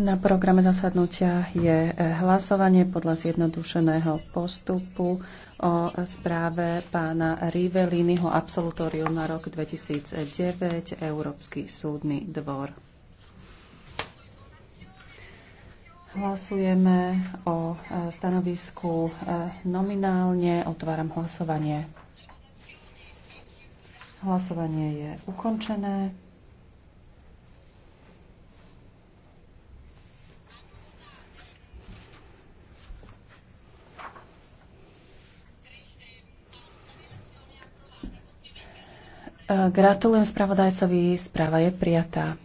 Na programe zasadnutia je e, hlasovanie podľa zjednodušeného postupu o správe pána Riveliniho absolutórium na rok 2009 Európsky súdny dvor. Hlasujeme o e, stanovisku e, nominálne. Otváram hlasovanie. Hlasovanie je ukončené. Gratulujem spravodajcovi, správa je prijatá.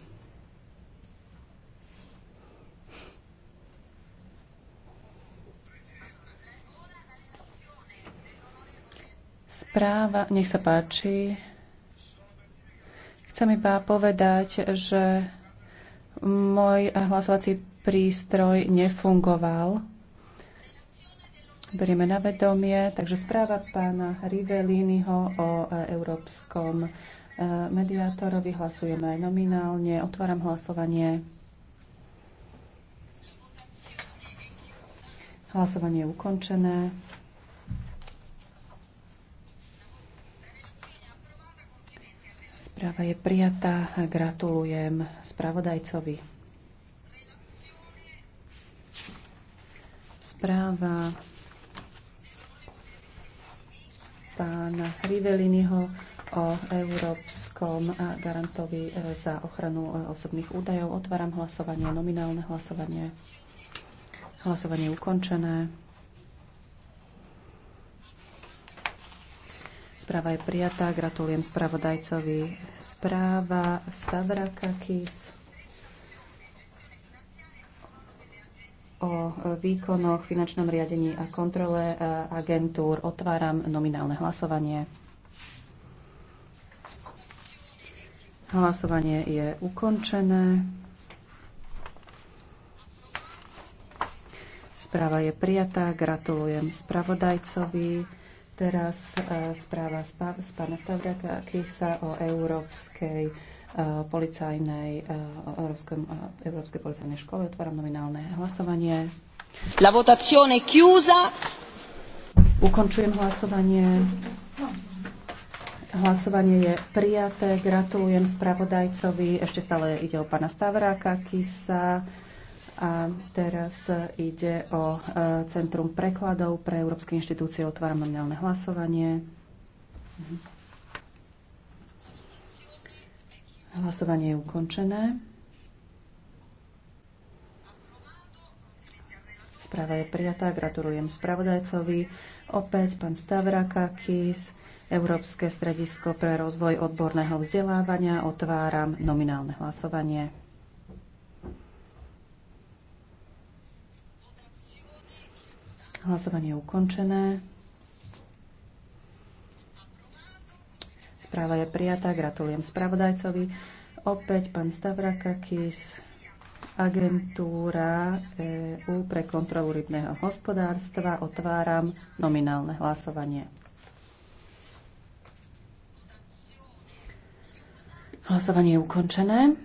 Správa, nech sa páči. Chcem iba povedať, že môj hlasovací prístroj nefungoval berieme na vedomie. Takže správa pána Riveliniho o e, európskom e, mediátorovi hlasujeme aj nominálne. Otváram hlasovanie. Hlasovanie je ukončené. Správa je prijatá. Gratulujem spravodajcovi. Správa pána Riveliniho o Európskom garantovi e, za ochranu e, osobných údajov. Otváram hlasovanie, nominálne hlasovanie. Hlasovanie ukončené. Správa je prijatá. Gratulujem spravodajcovi. Správa Stavrakakis. o e, výkonoch, finančnom riadení a kontrole e, agentúr. Otváram nominálne hlasovanie. Hlasovanie je ukončené. Správa je prijatá. Gratulujem spravodajcovi. Teraz e, správa z pána Stavriaka Kisa o Európskej E, policajnej, e, Európskej, e, Európskej policajnej škole. Otváram nominálne hlasovanie. La votazione chiusa. Ukončujem hlasovanie. Hlasovanie je prijaté. Gratulujem spravodajcovi. Ešte stále ide o pána Stavráka Kisa. A teraz ide o Centrum prekladov pre Európske inštitúcie. Otváram nominálne hlasovanie. Mm-hmm. Hlasovanie je ukončené. Správa je prijatá. Gratulujem spravodajcovi. Opäť pán Stavrakakis, Európske stredisko pre rozvoj odborného vzdelávania. Otváram nominálne hlasovanie. Hlasovanie je ukončené. Správa je prijatá. Gratulujem spravodajcovi. Opäť pán Stavrakakis, agentúra EU pre kontrolu rybného hospodárstva. Otváram nominálne hlasovanie. Hlasovanie je ukončené.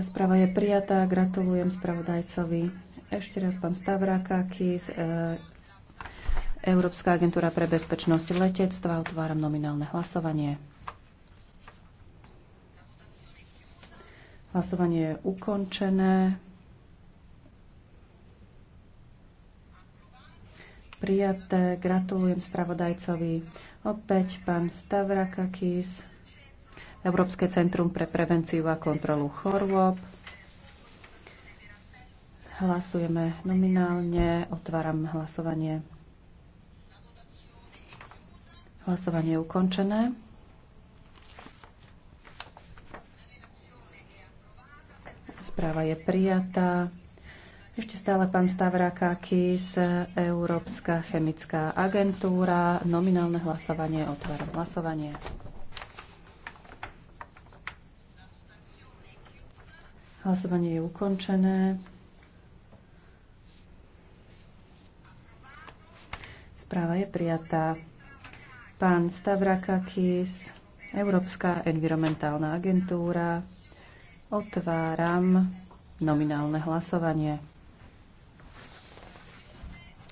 Správa je prijatá. Gratulujem spravodajcovi. Ešte raz pán Stavrakakis, Európska agentúra pre bezpečnosť letectva. Otváram nominálne hlasovanie. Hlasovanie je ukončené. Prijaté. Gratulujem spravodajcovi. Opäť pán Stavrakakis, Európske centrum pre prevenciu a kontrolu chorôb. Hlasujeme nominálne. Otváram hlasovanie. Hlasovanie je ukončené. Správa je prijatá. Ešte stále pán Stavrakakis, Európska chemická agentúra, nominálne hlasovanie, otváram hlasovanie. Hlasovanie je ukončené. Správa je prijatá pán Stavrakakis, Európska environmentálna agentúra. Otváram nominálne hlasovanie.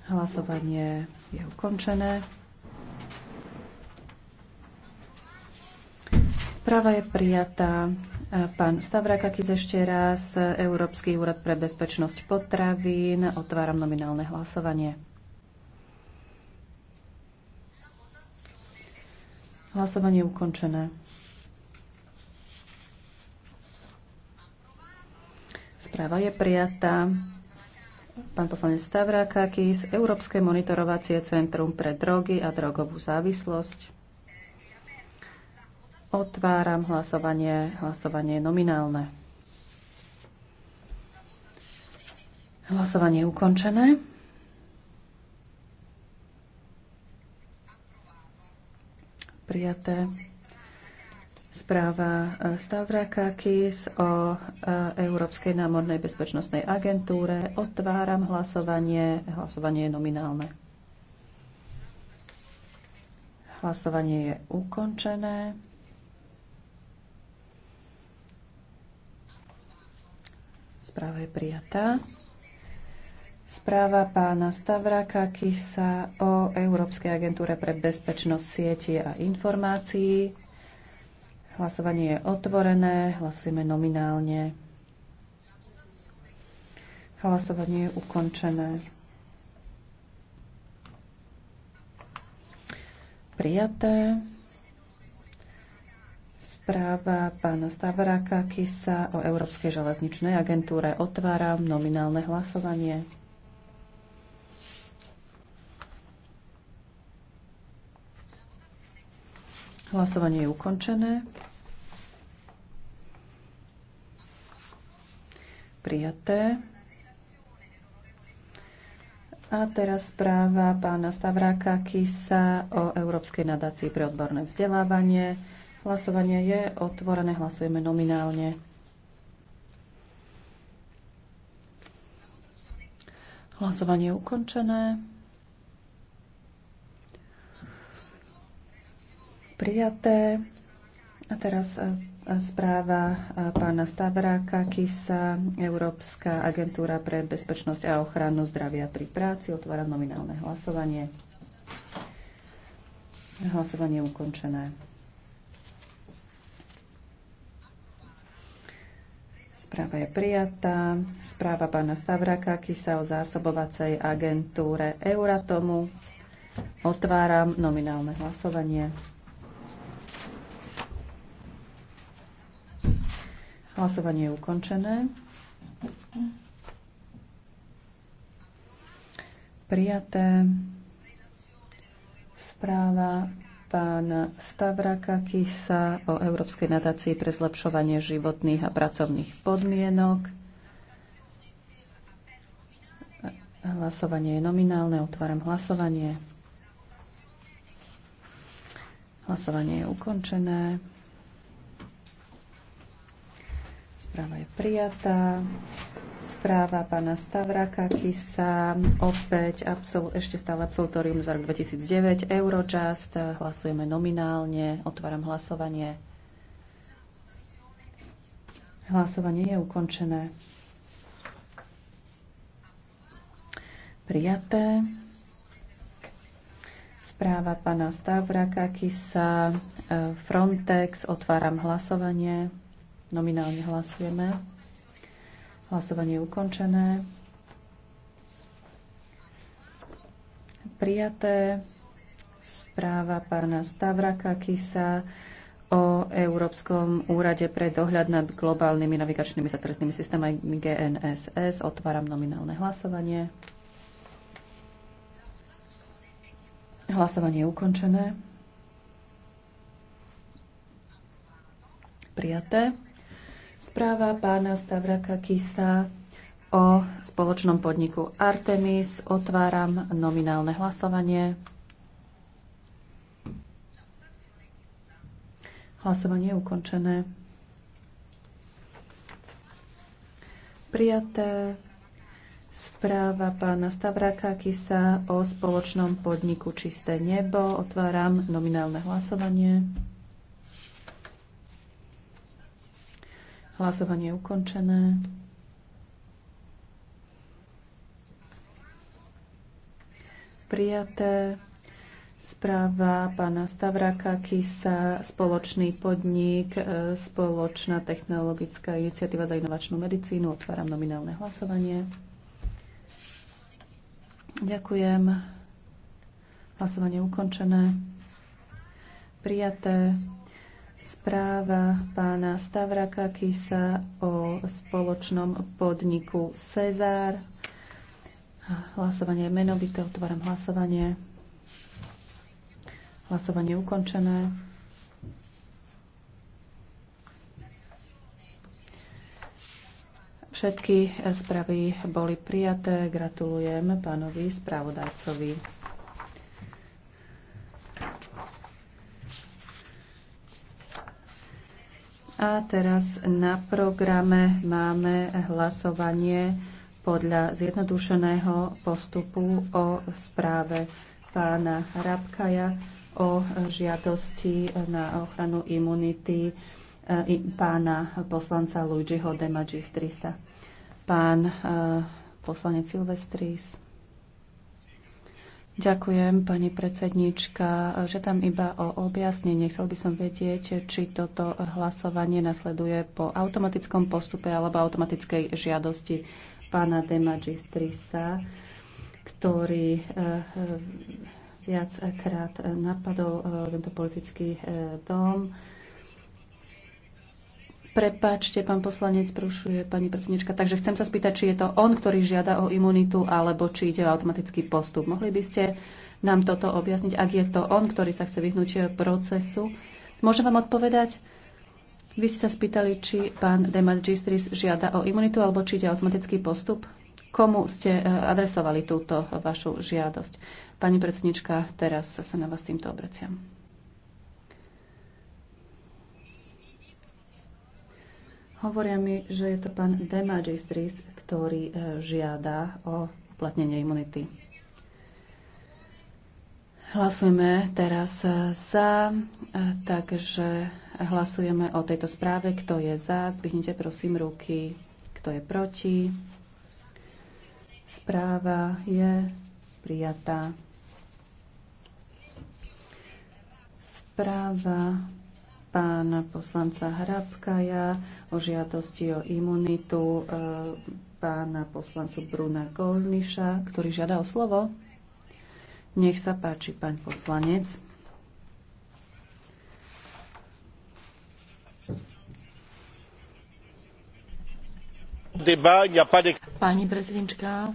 Hlasovanie je ukončené. Správa je prijatá. Pán Stavrakakis ešte raz, Európsky úrad pre bezpečnosť potravín. Otváram nominálne hlasovanie. Hlasovanie je ukončené. Správa je prijatá. Pán poslanec Stavrakakis, Európske monitorovacie centrum pre drogy a drogovú závislosť. Otváram hlasovanie. Hlasovanie je nominálne. Hlasovanie je ukončené. prijaté. Správa eh, Stavrakakis o eh, Európskej námornej bezpečnostnej agentúre. Otváram hlasovanie. Hlasovanie je nominálne. Hlasovanie je ukončené. Správa je prijatá správa pána Stavraka Kisa o Európskej agentúre pre bezpečnosť sieti a informácií. Hlasovanie je otvorené, hlasujeme nominálne. Hlasovanie je ukončené. Prijaté. Správa pána Stavraka Kisa o Európskej železničnej agentúre. Otváram nominálne hlasovanie. Hlasovanie je ukončené. Prijaté. A teraz správa pána Stavráka Kisa o Európskej nadácii pre odborné vzdelávanie. Hlasovanie je otvorené, hlasujeme nominálne. Hlasovanie je ukončené. prijaté. A teraz e, správa e, pána Stavráka Kisa, Európska agentúra pre bezpečnosť a ochranu zdravia pri práci. Otváram nominálne hlasovanie. Hlasovanie je ukončené. Správa je prijatá. Správa pána Stavraka Kisa o zásobovacej agentúre Euratomu. Otváram nominálne hlasovanie. Hlasovanie je ukončené. Prijaté správa pána Stavraka Kisa o Európskej nadácii pre zlepšovanie životných a pracovných podmienok. Hlasovanie je nominálne. Otváram hlasovanie. Hlasovanie je ukončené. Správa je prijatá. Správa pána Stavraka Kisa, opäť absol, ešte stále absolutorium za rok 2009, Eurojust, hlasujeme nominálne, otváram hlasovanie. Hlasovanie je ukončené. Prijaté. Správa pána Stavraka Kisa, e, Frontex, otváram hlasovanie. Nominálne hlasujeme. Hlasovanie je ukončené. Prijaté správa pána Stavraka Kisa o Európskom úrade pre dohľad nad globálnymi navigačnými satelitnými systémami GNSS. Otváram nominálne hlasovanie. Hlasovanie je ukončené. Prijaté. Správa pána Stavraka Kisa o spoločnom podniku Artemis. Otváram nominálne hlasovanie. Hlasovanie je ukončené. Prijaté správa pána Stavraka Kisa o spoločnom podniku Čisté nebo. Otváram nominálne hlasovanie. Hlasovanie je ukončené. Prijaté správa pána Stavraka Kisa, spoločný podnik, e, spoločná technologická iniciatíva za inovačnú medicínu. Otváram nominálne hlasovanie. Ďakujem. Hlasovanie ukončené. Prijaté správa pána Stavraka Kisa o spoločnom podniku Cezár. Hlasovanie je menovité, otváram hlasovanie. Hlasovanie je ukončené. Všetky správy boli prijaté. Gratulujem pánovi správodajcovi. A teraz na programe máme hlasovanie podľa zjednodušeného postupu o správe pána Rabkaja o žiadosti na ochranu imunity eh, pána poslanca Luigiho de Magistrisa. Pán eh, poslanec Silvestris. Ďakujem, pani predsednička. Žiadam iba o objasnenie. Chcel by som vedieť, či toto hlasovanie nasleduje po automatickom postupe alebo automatickej žiadosti pána de Magistrisa, ktorý eh, eh, viackrát napadol eh, tento politický dom. Prepačte, pán poslanec, prerušuje pani predsednička. Takže chcem sa spýtať, či je to on, ktorý žiada o imunitu, alebo či ide o automatický postup. Mohli by ste nám toto objasniť, ak je to on, ktorý sa chce vyhnúť procesu? Môžem vám odpovedať? Vy ste sa spýtali, či pán Demagistris žiada o imunitu, alebo či ide o automatický postup? Komu ste e, adresovali túto vašu žiadosť? Pani predsednička, teraz sa na vás týmto obraciam. Hovoria mi, že je to pán Demagistris, ktorý e, žiada o uplatnenie imunity. Hlasujeme teraz e, za, e, takže hlasujeme o tejto správe. Kto je za, zdvihnite prosím ruky. Kto je proti? Správa je prijatá. Správa pána poslanca Hrabkaja o žiadosti o imunitu e, pána poslancu Bruna Golniša, ktorý žiada o slovo. Nech sa páči, pán poslanec. Pani prezidentka,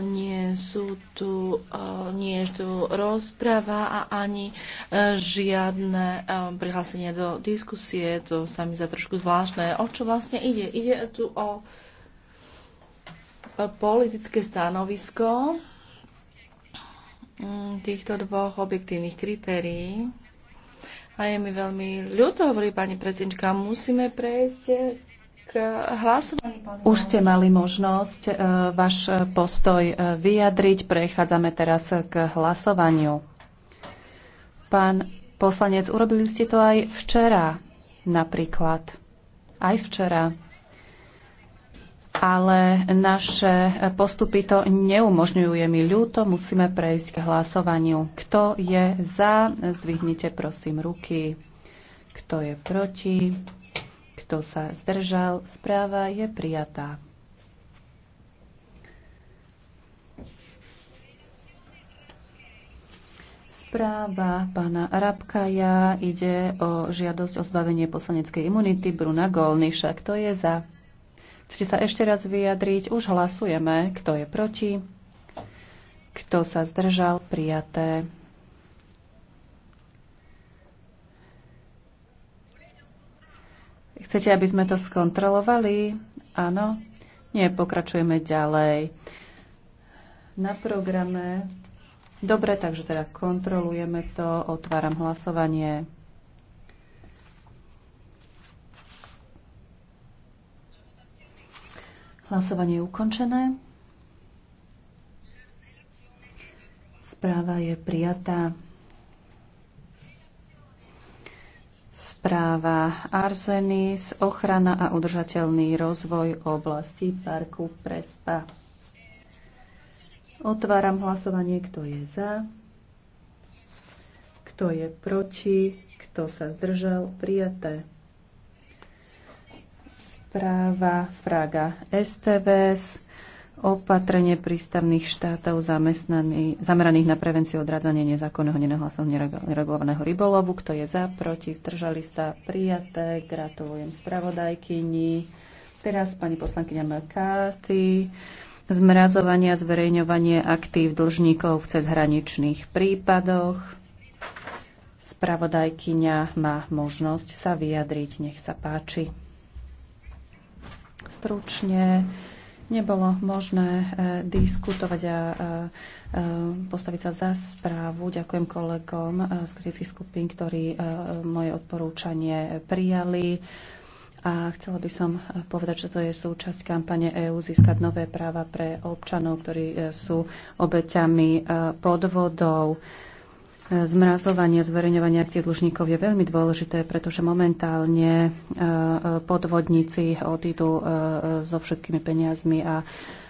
nie, sú tu, nie je tu rozprava a ani e, žiadne e, prihlásenie do diskusie. To sa mi za trošku zvláštne. O čo vlastne ide? Ide tu o politické stanovisko mm, týchto dvoch objektívnych kritérií. A je mi veľmi ľúto, hovorí pani predsednička, musíme prejsť Eh, hlasovaní. Už ste mali možnosť eh, váš postoj eh, vyjadriť. Prechádzame teraz k hlasovaniu. Pán poslanec, urobili ste to aj včera napríklad. Aj včera. Ale naše postupy to neumožňujú. Je mi ľúto, musíme prejsť k hlasovaniu. Kto je za, zdvihnite prosím ruky. Kto je proti? Kto sa zdržal? Správa je prijatá. Správa pána Rabkaja ide o žiadosť o zbavenie poslaneckej imunity Bruna Golniša. Kto je za? Chcete sa ešte raz vyjadriť? Už hlasujeme. Kto je proti? Kto sa zdržal? Prijaté. Chcete, aby sme to skontrolovali? Áno? Nie, pokračujeme ďalej. Na programe. Dobre, takže teda kontrolujeme to. Otváram hlasovanie. Hlasovanie je ukončené. Správa je prijatá. správa Arzenis, ochrana a udržateľný rozvoj oblasti parku Prespa. Otváram hlasovanie, kto je za, kto je proti, kto sa zdržal, prijaté. Správa Fraga STVS, opatrenie prístavných štátov zameraných na prevenciu odradzania nezákonného, nenahlasov neregulovaného rybolovu. Kto je za, proti, zdržali sa, prijaté. Gratulujem spravodajkyni. Teraz pani poslankyňa McCarthy. Zmrazovanie a zverejňovanie aktív dlžníkov v cezhraničných prípadoch. Spravodajkyňa má možnosť sa vyjadriť. Nech sa páči. Stručne nebolo možné eh, diskutovať a eh, eh, postaviť sa za správu. Ďakujem kolegom z kritických skupín, ktorí moje odporúčanie prijali. A chcela by som povedať, že to je súčasť kampane EÚ získať nové práva pre občanov, ktorí sú obeťami podvodov. Zmrazovanie zverejňovania aktív dlžníkov je veľmi dôležité, pretože momentálne e, e, podvodníci odídu e, so všetkými peniazmi a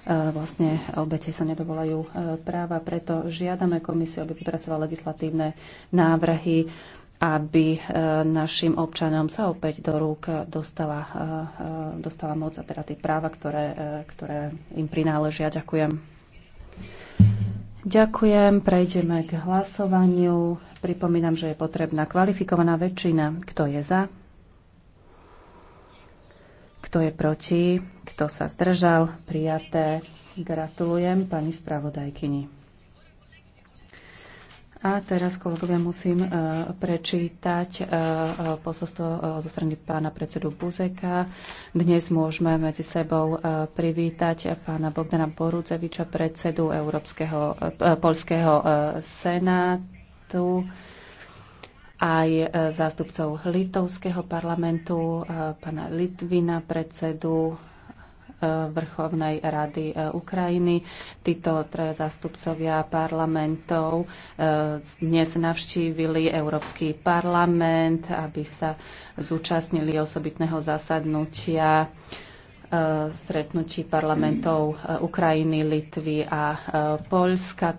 vlastne obete sa nedovolajú práva. Preto žiadame komisiu, aby vypracovala legislatívne návrhy, aby našim občanom sa opäť do rúk dostala, dostala moc a teda tie práva, ktoré, ktoré im prináležia. Ďakujem. Ďakujem, prejdeme k hlasovaniu. Pripomínam, že je potrebná kvalifikovaná väčšina. Kto je za? Kto je proti? Kto sa zdržal? Prijaté. Gratulujem pani spravodajkyni. A teraz, kolegovia, musím e, prečítať e, e, posolstvo zo strany pána predsedu Buzeka. Dnes môžeme medzi sebou privítať pána Bogdana Borudzeviča, predsedu Európskeho, Polského senátu aj zástupcov Litovského parlamentu, pána Litvina, predsedu Vrchovnej rady e, Ukrajiny. Títo traja zastupcovia parlamentov e, dnes navštívili Európsky parlament, aby sa zúčastnili osobitného zasadnutia e, stretnutí parlamentov Ukrajiny, Litvy a Polska.